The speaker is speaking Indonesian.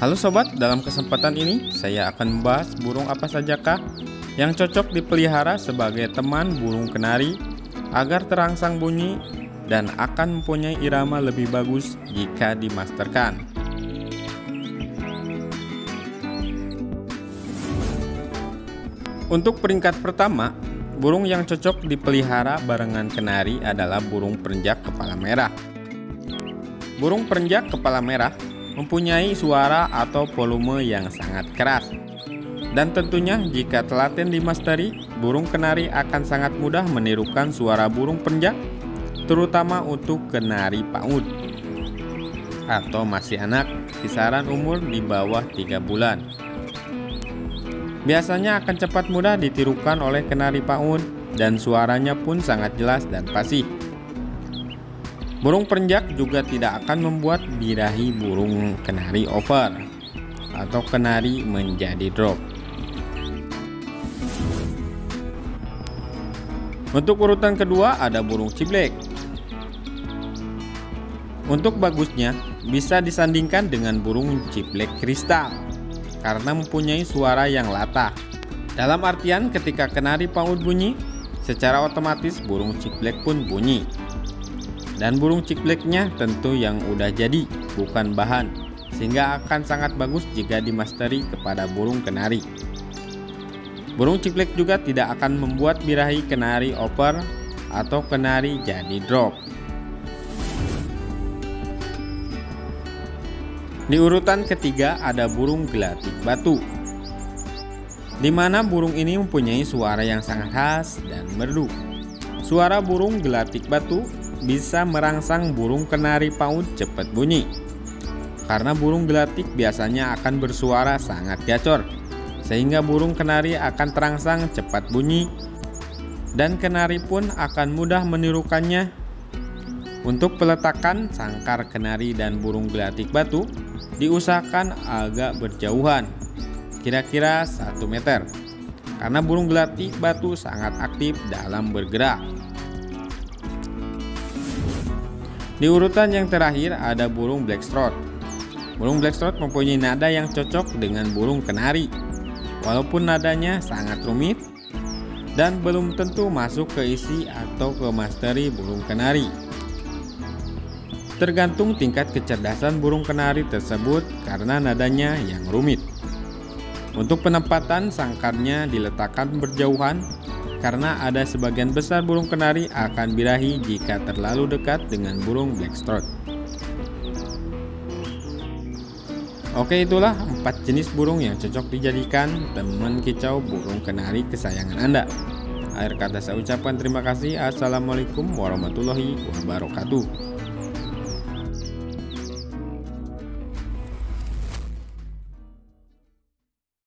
Halo sobat, dalam kesempatan ini saya akan membahas burung apa sajakah yang cocok dipelihara sebagai teman burung kenari agar terangsang bunyi dan akan mempunyai irama lebih bagus jika dimasterkan. Untuk peringkat pertama, burung yang cocok dipelihara barengan kenari adalah burung perenjak kepala merah. Burung perenjak kepala merah mempunyai suara atau volume yang sangat keras. Dan tentunya jika telaten dimasteri, burung kenari akan sangat mudah menirukan suara burung penjak, terutama untuk kenari paud atau masih anak, kisaran umur di bawah 3 bulan. Biasanya akan cepat mudah ditirukan oleh kenari paud dan suaranya pun sangat jelas dan fasih. Burung perenjak juga tidak akan membuat birahi burung kenari over atau kenari menjadi drop. Untuk urutan kedua ada burung ciblek. Untuk bagusnya bisa disandingkan dengan burung ciblek kristal karena mempunyai suara yang latah. Dalam artian ketika kenari paud bunyi, secara otomatis burung ciblek pun bunyi dan burung cibleknya tentu yang udah jadi, bukan bahan, sehingga akan sangat bagus jika dimasteri kepada burung kenari. Burung ciblek juga tidak akan membuat birahi kenari oper atau kenari jadi drop. Di urutan ketiga ada burung gelatik batu. Di mana burung ini mempunyai suara yang sangat khas dan merdu. Suara burung gelatik batu bisa merangsang burung kenari paut cepat bunyi. Karena burung gelatik biasanya akan bersuara sangat gacor, sehingga burung kenari akan terangsang cepat bunyi dan kenari pun akan mudah menirukannya. Untuk peletakan sangkar kenari dan burung gelatik batu diusahakan agak berjauhan, kira-kira 1 meter. Karena burung gelatik batu sangat aktif dalam bergerak, Di urutan yang terakhir ada burung blackstrot. Burung blackstrot mempunyai nada yang cocok dengan burung kenari. Walaupun nadanya sangat rumit dan belum tentu masuk ke isi atau ke masteri burung kenari. Tergantung tingkat kecerdasan burung kenari tersebut karena nadanya yang rumit. Untuk penempatan sangkarnya diletakkan berjauhan karena ada sebagian besar burung kenari akan birahi jika terlalu dekat dengan burung blackstrot. Oke itulah empat jenis burung yang cocok dijadikan teman kicau burung kenari kesayangan Anda. Akhir kata saya ucapkan terima kasih. Assalamualaikum warahmatullahi wabarakatuh.